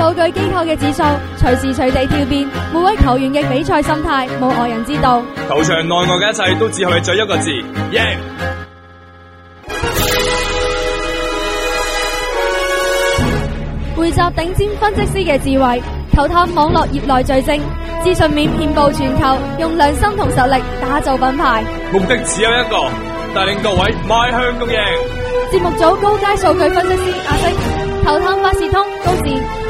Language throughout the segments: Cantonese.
數據機構嘅指數隨時隨地跳變，每位球員嘅比賽心態冇外人知道。球場內外嘅一切都只可以再一個字：贏。匯集頂尖分析師嘅智慧，球探網絡業內最精資訊面遍佈全球，用良心同實力打造品牌。目的只有一個，帶領各位邁向共贏。節目組高階數據分析師阿星，球探萬事通。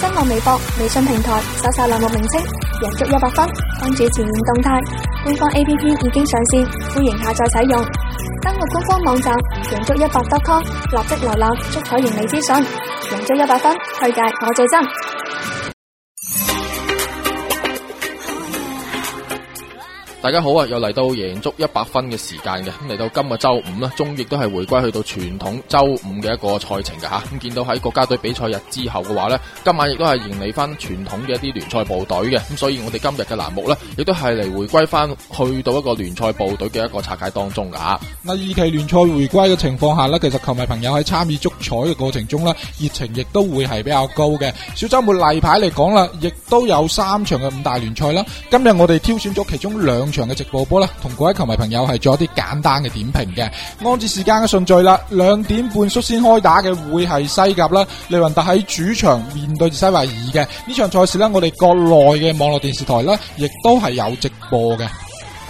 登錄微博、微信平台，搜索欄目名稱，贏足一百分，關注前沿動態。官方 A P P 已經上線，歡迎下載使用。登錄官方網站，贏足一百 .com，立即瀏覽足彩完美資訊。贏足一百分，推介我最真。大家好啊！又嚟到贏足 100FUN 嘅時間嘅，嚟到今日周五啦，終亦都係回歸去到傳統周五嘅一個賽程嘅吓。咁、啊、見到喺國家隊比賽日之後嘅話咧，今晚亦都係迎嚟翻傳統嘅一啲聯賽部隊嘅。咁、啊、所以我哋今日嘅欄目呢，亦都係嚟回歸翻去到一個聯賽部隊嘅一個拆解當中噶吓。嗱，二期聯賽回歸嘅情況下咧，其實球迷朋友喺參與足彩嘅過程中咧，熱情亦都會係比較高嘅。小周末例牌嚟講啦，亦都有三場嘅五大聯賽啦。今日我哋挑選咗其中兩。場嘅直播波啦，同各位球迷朋友係做一啲簡單嘅點評嘅。按照時間嘅順序啦，兩點半率先開打嘅會係西甲啦，利雲達喺主場面對住西維爾嘅呢場賽事咧，我哋國內嘅網絡電視台咧，亦都係有直播嘅。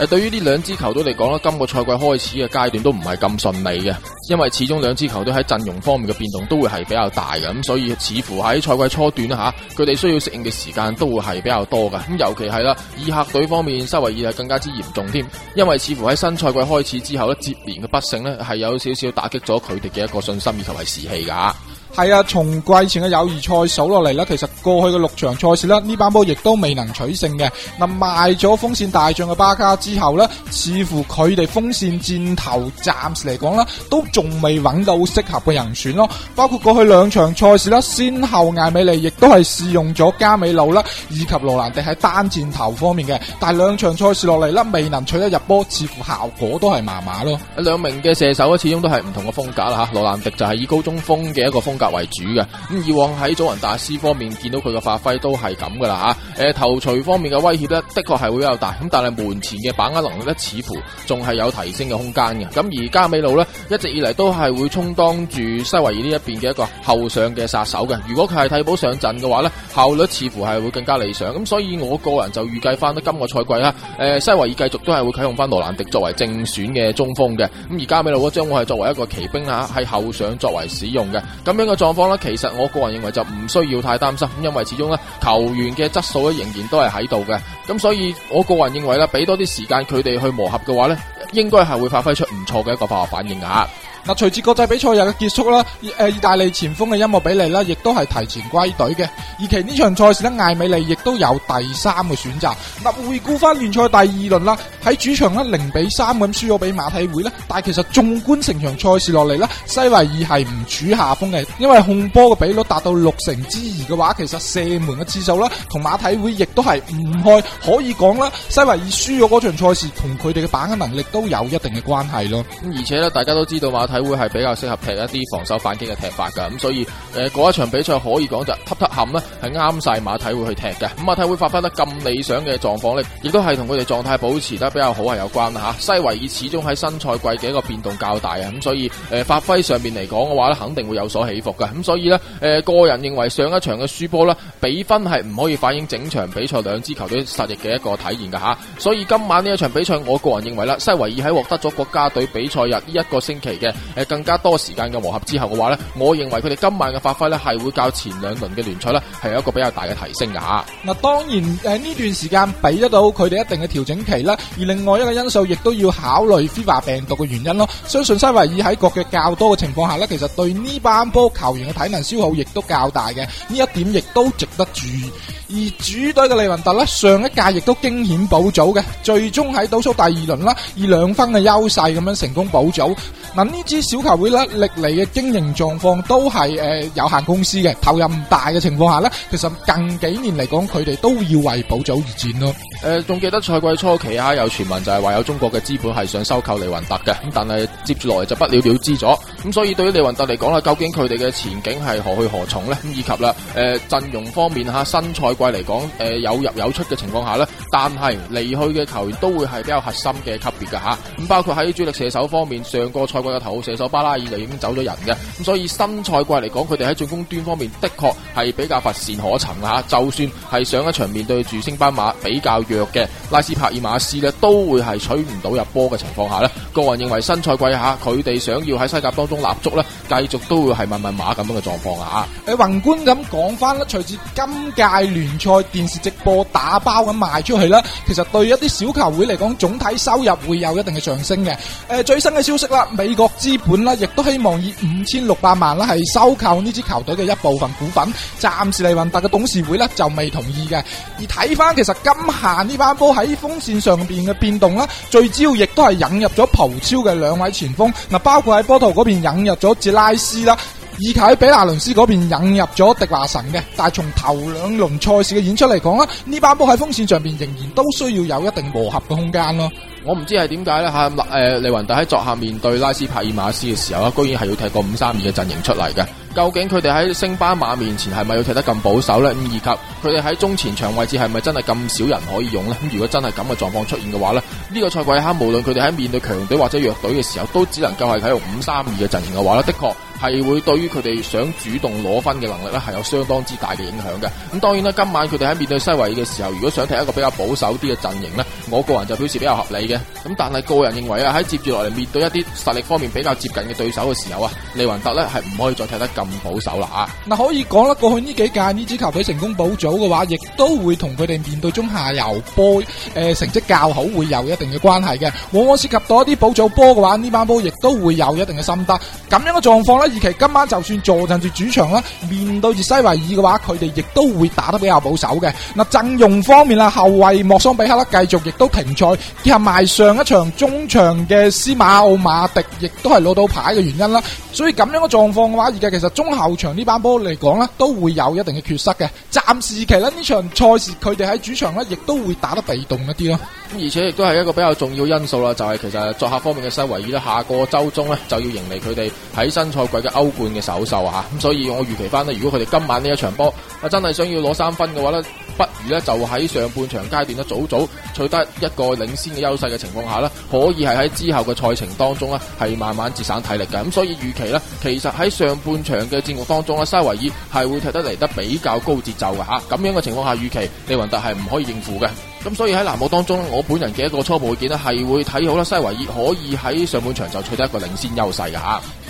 誒，對於呢兩支球隊嚟講咧，今個賽季開始嘅階段都唔係咁順利嘅，因為始終兩支球隊喺陣容方面嘅變動都會係比較大嘅，咁所以似乎喺賽季初段吓，佢哋需要適應嘅時間都會係比較多噶，咁尤其係啦，以客隊方面，西維爾係更加之嚴重添，因為似乎喺新賽季開始之後咧，接連嘅不勝咧，係有少少打擊咗佢哋嘅一個信心以及係士氣噶。係啊，從季前嘅友誼賽數落嚟咧，其實過去嘅六場賽事啦，呢班波亦都未能取勝嘅。嗱、啊，賣咗鋒線大將嘅巴卡之後呢，似乎佢哋鋒線箭頭暫時嚟講啦，都仲未揾到適合嘅人選咯。包括過去兩場賽事啦，先後艾美利亦都係試用咗加美路啦，以及羅蘭迪喺單箭頭方面嘅。但係兩場賽事落嚟咧，未能取得入波，似乎效果都係麻麻咯。兩名嘅射手咧，始終都係唔同嘅風格啦吓。羅蘭迪就係以高中鋒嘅一個鋒。格為主嘅，咁以往喺祖雲達斯方面見到佢嘅發揮都係咁噶啦吓，誒頭錘方面嘅威脅呢，的確係會比較大，咁但係門前嘅把握能力呢，似乎仲係有提升嘅空間嘅。咁而加美路呢，一直以嚟都係會充當住西維爾呢一邊嘅一個後上嘅殺手嘅。如果佢係替補上陣嘅話呢，效率似乎係會更加理想。咁所以我個人就預計翻咧，今個賽季啦，誒、啊、西維爾繼續都係會啟用翻羅蘭迪作為正選嘅中鋒嘅。咁而加美路將會係作為一個騎兵吓，喺、啊、後上作為使用嘅。咁、啊、樣。個狀況咧，其實我個人認為就唔需要太擔心，因為始終咧球員嘅質素咧仍然都係喺度嘅，咁所以我個人認為咧，俾多啲時間佢哋去磨合嘅話咧，應該係會發揮出唔錯嘅一個化學反應㗎。嗱，隨住國際比賽日嘅結束啦，誒，意大利前鋒嘅音樂比例啦，亦都係提前歸隊嘅。而其呢場賽事咧，艾美利亦都有第三個選擇。嗱，回顧翻聯賽第二輪啦，喺主場咧零比三咁輸咗俾馬體會咧，但係其實縱觀成場賽事落嚟咧，西維爾係唔處下風嘅，因為控波嘅比率達到六成之餘嘅話，其實射門嘅次數啦，同馬體會亦都係唔開，可以講啦，西維爾輸咗嗰場賽事，同佢哋嘅把握能力都有一定嘅關係咯。咁而且咧，大家都知道話。體會係比較適合踢一啲防守反擊嘅踢法噶，咁、嗯、所以誒嗰、呃、一場比賽可以講就突突冚啦，係啱晒馬體會去踢嘅。咁、嗯、馬體會發揮得咁理想嘅狀況呢，亦都係同佢哋狀態保持得比較好係有關吓。西維爾始終喺新賽季嘅一個變動較大啊，咁、嗯、所以誒、呃、發揮上面嚟講嘅話呢，肯定會有所起伏嘅。咁、嗯、所以呢，誒、呃、個人認為上一場嘅輸波咧，比分係唔可以反映整場比賽兩支球隊實力嘅一個體現噶吓。所以今晚呢一場比賽，我個人認為啦，西維爾喺獲得咗國家隊比賽日呢一個星期嘅。誒、呃，更加多時間嘅磨合之後嘅話呢，我認為佢哋今晚嘅發揮呢係會較前兩輪嘅聯賽呢係有一個比較大嘅提升㗎吓。嗱，當然喺呢、呃、段時間俾得到佢哋一定嘅調整期啦。而另外一個因素亦都要考慮肺炎病毒嘅原因咯。相信西維爾喺國嘅較多嘅情況下呢，其實對呢班波球員嘅體能消耗亦都較大嘅。呢一點亦都值得注意。而主隊嘅利雲特呢，上一屆亦都驚險保組嘅，最終喺倒數第二輪啦，以兩分嘅優勢咁樣成功保組。嗱呢。支小球會咧，歷嚟嘅經營狀況都係誒有限公司嘅，投入唔大嘅情況下咧，其實近幾年嚟講，佢哋都要為保組而戰咯。誒，仲、呃、記得賽季初期啊，有傳聞就係話有中國嘅資本係想收購利雲特嘅，咁但係接住落嚟就不了了之咗，咁、嗯、所以對於利雲特嚟講啦，究竟佢哋嘅前景係何去何從呢？咁、嗯、以及啦，誒、呃、陣容方面吓、啊，新賽季嚟講，誒、呃、有入有出嘅情況下咧，但係離去嘅球員都會係比較核心嘅級別嘅吓，咁、啊、包括喺主力射手方面，上個賽季嘅頭號射手巴拉爾就已經走咗人嘅，咁、嗯、所以新賽季嚟講，佢哋喺進攻端方面的確係比較乏善可陳吓、啊，就算係上一場面對住升班馬比較。弱嘅拉斯帕爾馬斯咧，都會係取唔到入波嘅情況下咧，個人認為新賽季吓，佢哋想要喺西甲當中立足咧，繼續都會係問問馬咁樣嘅狀況啊！誒、呃，宏觀咁講翻啦，隨住今屆聯賽電視直播打包咁賣出去啦，其實對一啲小球會嚟講，總體收入會有一定嘅上升嘅。誒、呃，最新嘅消息啦，美國資本啦，亦都希望以五千六百萬啦，係收購呢支球隊嘅一部分股份，暫時嚟運達嘅董事會咧就未同意嘅。而睇翻其實今夏。呢班波喺風線上邊嘅變動咧，最主要亦都係引入咗葡超嘅兩位前鋒，嗱，包括喺波圖嗰邊引入咗捷拉斯啦，以及喺比拿倫斯嗰邊引入咗迪華神嘅。但係從頭兩輪賽事嘅演出嚟講啦，呢班波喺風線上邊仍然都需要有一定磨合嘅空間咯。我唔知係點解咧吓，誒、呃，利雲特喺作客面對拉斯帕爾馬斯嘅時候咧，居然係要睇個五三二嘅陣型出嚟嘅。究竟佢哋喺升班馬面前係咪要踢得咁保守呢？以及佢哋喺中前場位置係咪真係咁少人可以用呢？如果真係咁嘅狀況出現嘅話咧，呢個賽季哈，無論佢哋喺面對強隊或者弱隊嘅時候，都只能夠係啟用五三二嘅陣型嘅話咧，的確。係會對於佢哋想主動攞分嘅能力咧，係有相當之大嘅影響嘅。咁當然啦，今晚佢哋喺面對西維爾嘅時候，如果想踢一個比較保守啲嘅陣營咧，我個人就表示比較合理嘅。咁但係個人認為啊，喺接住落嚟面對一啲實力方面比較接近嘅對手嘅時候啊，利雲特咧係唔可以再踢得咁保守啦啊！嗱，可以講得過去呢幾屆呢支球隊成功保組嘅話，亦都會同佢哋面對中下游波誒、呃、成績較好會有一定嘅關係嘅。往往涉及到一啲保組波嘅話，呢班波亦都會有一定嘅心得。咁樣嘅狀況咧。而其今晚就算坐鎮住主場啦，面對住西維爾嘅話，佢哋亦都會打得比較保守嘅。嗱，陣容方面啦，後衛莫桑比克啦繼續亦都停賽，結合埋上一場中場嘅司馬奧馬迪亦都係攞到牌嘅原因啦，所以咁樣嘅狀況嘅話，而家其實中後場呢班波嚟講呢，都會有一定嘅缺失嘅。暫時期啦，呢場賽事佢哋喺主場呢亦都會打得被動一啲咯。而且亦都係一個比較重要因素啦，就係、是、其實作客方面嘅西維爾，而到下個周中咧就要迎嚟佢哋喺新賽季嘅歐冠嘅首秀吓，咁、啊、所以我預期翻咧，如果佢哋今晚呢一場波啊真係想要攞三分嘅話咧，不如咧就喺上半場階段呢，早早取得一個領先嘅優勢嘅情況下呢，可以係喺之後嘅賽程當中呢，係慢慢節省體力嘅。咁所以預期呢，其實喺上半場嘅戰局當中呢，西維爾係會踢得嚟得比較高節奏嘅吓。咁樣嘅情況下，預期利雲特係唔可以應付嘅。咁所以喺欄目當中，我本人嘅一個初步意見咧係會睇好啦，西維爾可以喺上半場就取得一個領先優勢嘅吓。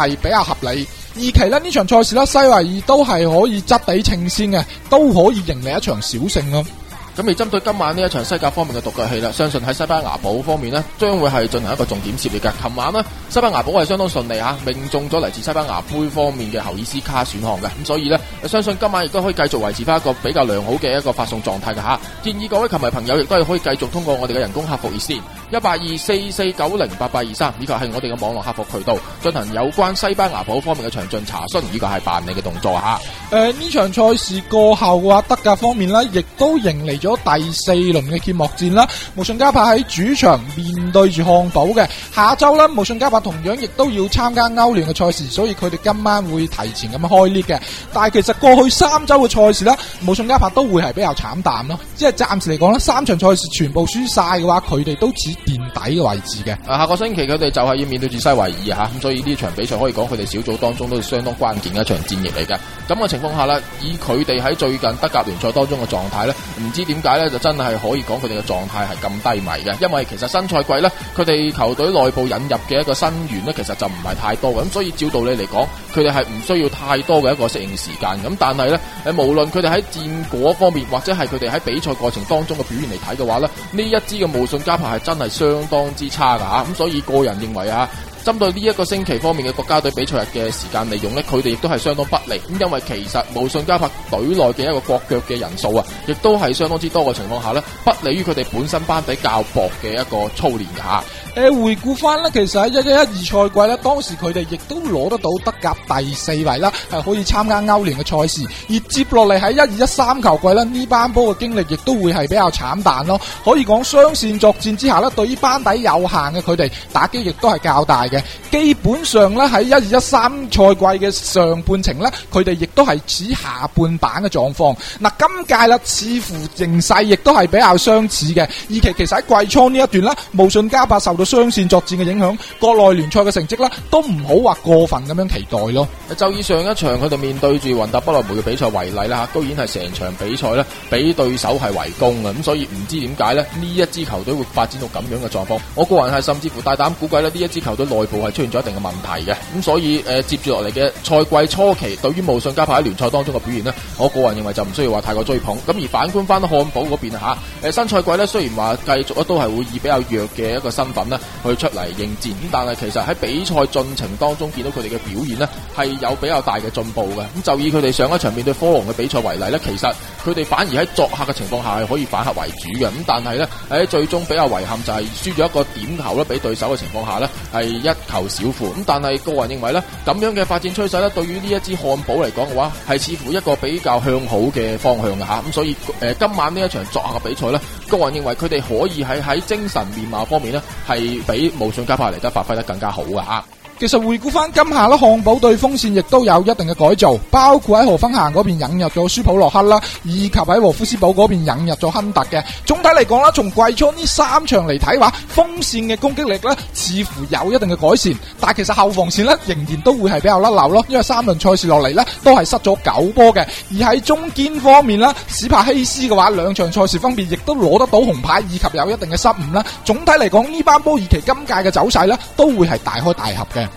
係比較合理，而其咧呢場賽事咧，西維爾都係可以質地稱先嘅，都可以贏嚟一場小勝咯，哦。咁而針對今晚呢一場西甲方面嘅獨腳戲啦，相信喺西班牙堡方面呢，將會係進行一個重點涉獵嘅。琴晚呢，西班牙堡係相當順利嚇，命中咗嚟自西班牙杯方面嘅侯伊斯卡選項嘅，咁所以呢，相信今晚亦都可以繼續維持翻一個比較良好嘅一個發送狀態嘅嚇。建議各位球迷朋友亦都係可以繼續通過我哋嘅人工客服熱線一八二四四九零八八二三，23，以及係我哋嘅網絡客服渠道進行有關西班牙堡方面嘅詳盡查詢，呢、呢個係辦理嘅動作嚇。誒呢、呃、場賽事過後嘅、啊、話，德甲方面呢亦都迎嚟咗第四輪嘅揭幕戰啦，慕遜加柏喺主場面對住漢堡嘅下周啦，慕遜加柏同樣亦都要參加歐聯嘅賽事，所以佢哋今晚會提前咁樣開列嘅。但係其實過去三周嘅賽事啦，慕遜加柏都會係比較慘淡咯，即係暫時嚟講啦，三場賽事全部輸晒嘅話，佢哋都只墊底嘅位置嘅。下個星期佢哋就係要面對住西維爾吓，咁所以呢場比賽可以講佢哋小組當中都相當關鍵嘅一場戰役嚟嘅。咁嘅情況下啦，以佢哋喺最近德甲聯賽當中嘅狀態咧，唔知點解咧就真係可以講佢哋嘅狀態係咁低迷嘅？因為其實新賽季咧，佢哋球隊內部引入嘅一個新員咧，其實就唔係太多嘅。咁所以照道理嚟講，佢哋係唔需要太多嘅一個適應時間。咁但係咧，誒，無論佢哋喺戰果方面，或者係佢哋喺比賽過程當中嘅表現嚟睇嘅話咧，呢一支嘅慕遜加柏係真係相當之差噶吓。咁所以個人認為啊。針對呢一個星期方面嘅國家隊比賽日嘅時間利用咧，佢哋亦都係相當不利。咁因為其實慕遜加柏隊內嘅一個國腳嘅人數啊，亦都係相當之多嘅情況下咧，不利於佢哋本身班底較薄嘅一個操練嚇。誒，回顧翻咧，其實喺一一一二賽季咧，當時佢哋亦都攞得到德甲第四位啦，係可以參加歐聯嘅賽事。而接落嚟喺一二一三球季咧，呢班波嘅經歷亦都會係比較慘淡咯。可以講雙線作戰之下咧，對於班底有限嘅佢哋打擊亦都係較大嘅。基本上咧喺一二一三賽季嘅上半程咧，佢哋亦都係似下半板嘅狀況。嗱，今屆啦，似乎形勢亦都係比較相似嘅。而其其實喺季初呢一段呢慕遜加柏受。雙線作戰嘅影響，國內聯賽嘅成績啦，都唔好話過分咁樣期待咯。就以上一場佢哋面對住雲達不萊梅嘅比賽為例啦，吓，居然係成場比賽咧俾對手係圍攻啊，咁所以唔知點解咧呢一支球隊會發展到咁樣嘅狀況。我個人係甚至乎大膽估計咧，呢一支球隊內部係出現咗一定嘅問題嘅，咁所以誒、呃、接住落嚟嘅賽季初期對於，對於慕遜加柏喺聯賽當中嘅表現咧，我個人認為就唔需要話太過追捧。咁而反觀翻漢堡嗰邊吓，誒新賽季咧雖然話繼續都係會以比較弱嘅一個身份。去出嚟應戰，但係其實喺比賽進程當中見到佢哋嘅表現呢係有比較大嘅進步嘅。咁就以佢哋上一場面對科隆嘅比賽為例呢，其實佢哋反而喺作客嘅情況下係可以反客為主嘅。咁但係呢，喺最終比較遺憾就係輸咗一個點球咧，俾對手嘅情況下呢係一球小負。咁但係高雲認為呢，咁樣嘅發展趨勢呢對於呢一支漢堡嚟講嘅話，係似乎一個比較向好嘅方向嘅吓。咁、啊、所以誒、呃、今晚呢一場作客嘅比賽呢。個人認為佢哋可以喺喺精神面貌方面咧，係比慕遜加柏嚟得發揮得更加好噶啊！其實回顧翻今夏，啦，漢堡對鋒線亦都有一定嘅改造，包括喺荷芬咸嗰邊引入咗舒普洛克啦，以及喺和夫斯堡嗰邊引入咗亨特嘅。總體嚟講啦，從季初呢三場嚟睇話，鋒線嘅攻擊力咧似乎有一定嘅改善，但其實後防線呢仍然都會係比較甩漏咯，因為三輪賽事落嚟呢都係失咗九波嘅。而喺中堅方面啦，史帕希斯嘅話，兩場賽事分別亦都攞得到紅牌以及有一定嘅失誤啦。總體嚟講，班以其呢班波以其今屆嘅走勢呢都會係大開大合嘅。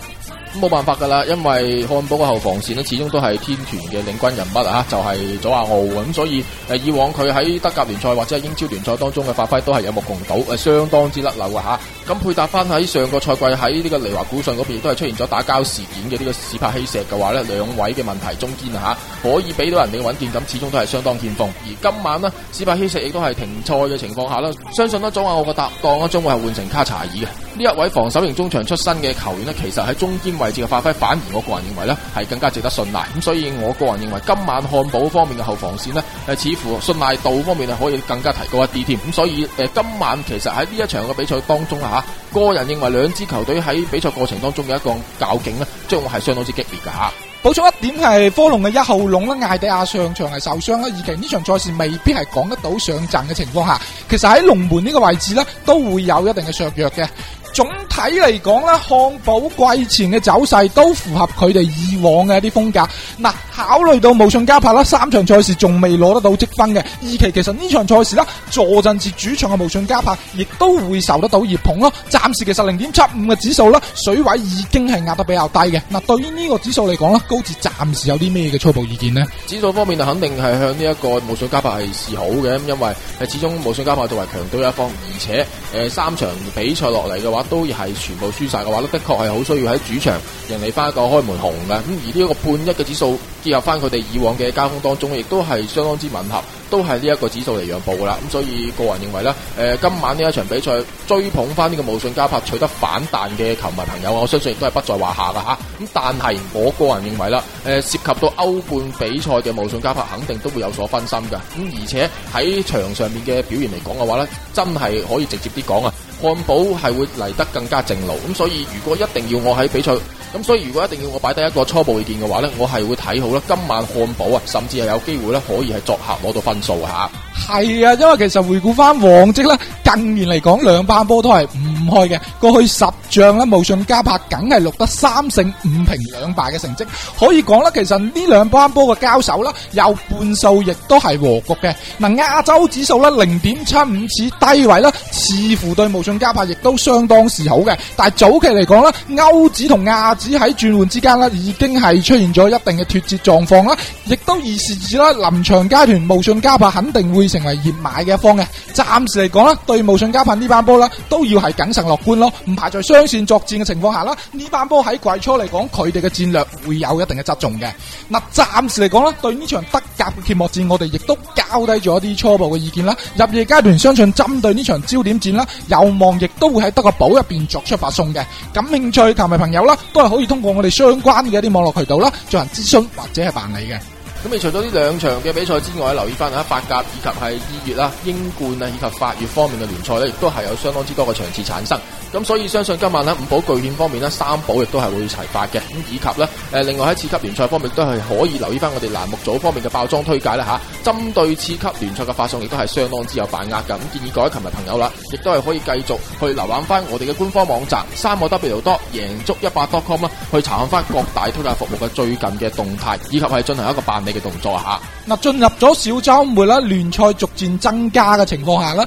冇辦法噶啦，因為漢堡個後防線咧，始終都係天團嘅領軍人物啊！就係佐阿奧咁，所以誒、呃、以往佢喺德甲聯賽或者係英超聯賽當中嘅發揮都係有目共睹，誒、啊、相當之甩漏啊，吓。咁配搭翻喺上個賽季喺呢個利華古遜嗰邊，都係出現咗打交事件嘅呢個史柏希石嘅話咧，兩位嘅問題中堅啊吓，可以俾到人哋嘅穩健感，咁始終都係相當見縫。而今晚呢，史柏希石亦都係停賽嘅情況下咧，相信呢，昨晚我嘅搭檔咧將會係換成卡查爾嘅呢一位防守型中場出身嘅球員呢，其實喺中堅位置嘅發揮，反而我個人認為呢係更加值得信賴。咁所以我個人認為今晚漢堡方面嘅後防線呢，誒、呃、似乎信賴度方面係可以更加提高一啲添。咁所以誒、呃、今晚其實喺呢一場嘅比賽當中啊，個人認為兩支球隊喺比賽過程當中嘅一個較勁呢，將會係相當之激烈嘅吓。補充一點係科隆嘅一號龍呢，艾迪亞上場係受傷啦，而其呢場賽事未必係講得到上陣嘅情況下，其實喺龍門呢個位置呢，都會有一定嘅削弱嘅。總體嚟講咧漢堡季前嘅走勢都符合佢哋以往嘅一啲風格。嗱、啊，考慮到慕遜加柏啦，三場賽事仲未攞得到積分嘅，而且其實呢場賽事啦，坐陣是主場嘅慕遜加柏，亦都會受得到熱捧咯。暫時其實零點七五嘅指數啦，水位已經係壓得比較低嘅。嗱、啊，對於呢個指數嚟講啦，高治暫時有啲咩嘅初步意見咧？指數方面就肯定係向呢、這、一個慕遜加柏係示好嘅，因為係始終慕遜加柏作為強隊一方，而且誒、呃、三場比賽落嚟嘅話。都係全部輸晒嘅話呢，的確係好需要喺主場贏嚟翻一個開門紅嘅。咁而呢一個半一嘅指數結合翻佢哋以往嘅交鋒當中，亦都係相當之吻合，都係呢一個指數嚟讓步噶啦。咁所以個人認為呢，誒、呃、今晚呢一場比賽追捧翻呢個慕遜加柏，取得反彈嘅球迷朋友我相信亦都係不在話下噶嚇。咁、啊、但係我個人認為啦，誒、呃、涉及到歐冠比賽嘅慕遜加柏，肯定都會有所分心嘅。咁、啊、而且喺場上面嘅表現嚟講嘅話呢，真係可以直接啲講啊！漢堡係會嚟得更加正路，咁所以如果一定要我喺比賽，咁所以如果一定要我擺低一個初步意見嘅話呢，我係會睇好啦。今晚漢堡啊，甚至係有機會呢，可以係作客攞到分數吓。係啊，因為其實回顧翻往績咧，近年嚟講兩班波都係唔開嘅。過去十仗咧，慕遜加柏梗係錄得三勝五平兩敗嘅成績，可以講啦，其實呢兩班波嘅交手啦，有半數亦都係和局嘅。嗱、啊，亞洲指數咧零點七五次低位啦，似乎對慕遜加柏亦都相當是好嘅。但係早期嚟講咧，歐指同亞指喺轉換之間咧，已經係出現咗一定嘅脫節狀況啦，亦都預示住啦臨場階段慕遜加柏肯定會。成為熱買嘅一方嘅，暫時嚟講啦，對慕遜加柏呢班波啦，都要係謹慎樂觀咯，唔排除雙線作戰嘅情況下啦，呢班波喺季初嚟講，佢哋嘅戰略會有一定嘅側重嘅。嗱，暫時嚟講啦，對呢場德甲嘅揭幕戰，我哋亦都交低咗一啲初步嘅意見啦。入夜階段，相信針對呢場焦點戰啦，有望亦都會喺德國寶入邊作出發送嘅。感興趣球迷朋友啦，都係可以通過我哋相關嘅一啲網絡渠道啦，進行諮詢或者係辦理嘅。咁咪除咗呢兩場嘅比賽之外，留意返喺法甲以及係意甲啦、英冠啊以及法乙方面嘅聯賽咧，亦都係有相當之多嘅場次產生。咁所以相信今晚咧，五寶巨獻方面咧，三寶亦都係會齊發嘅，咁以及咧誒、呃，另外喺次級聯賽方面亦都係可以留意翻，我哋欄目組方面嘅包裝推介啦吓。針、啊、對次級聯賽嘅發送亦都係相當之有把握嘅，咁、啊、建議各位琴日朋友啦，亦都係可以繼續去瀏覽翻我哋嘅官方網站三個 W 多贏足一百 .com 啊，去查看翻各大推介服務嘅最近嘅動態，以及係進行一個辦理嘅動作吓。嗱、啊，進入咗小週末啦，聯賽逐漸增加嘅情況下咧。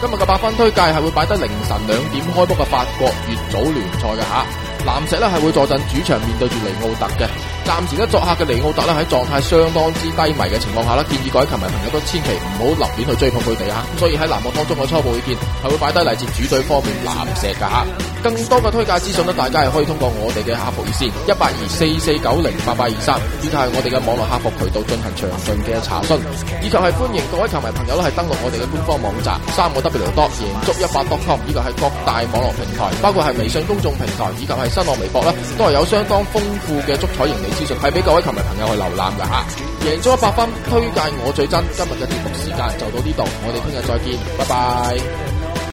今日嘅八分推介係會擺低凌晨兩點開波嘅法國乙組聯賽嘅吓，藍石咧係會坐鎮主場面對住尼奧特嘅。暫時咧，作客嘅尼奧特咧喺狀態相當之低迷嘅情況下呢，建議各位球迷朋友都千祈唔好立亂去追捧佢哋啊！咁所以喺欄目當中嘅初步意見係會擺低嚟，自主隊方面攔射噶，更多嘅推介資訊呢，大家係可以通過我哋嘅客服熱線一八二四四九零八八二三，以及係我哋嘅網絡客服渠道進行詳盡嘅查詢，以及係歡迎各位球迷朋友咧係登錄我哋嘅官方網站三個 w dot 贏足一百 dot com，以及係各大網絡平台，包括係微信公眾平台以及係新浪微博啦，都係有相當豐富嘅足彩盈視頻係俾各位球迷朋友去瀏覽㗎嚇，贏足 100FUN，推介我最真。今日嘅節目時間就到呢度，我哋聽日再見，拜拜。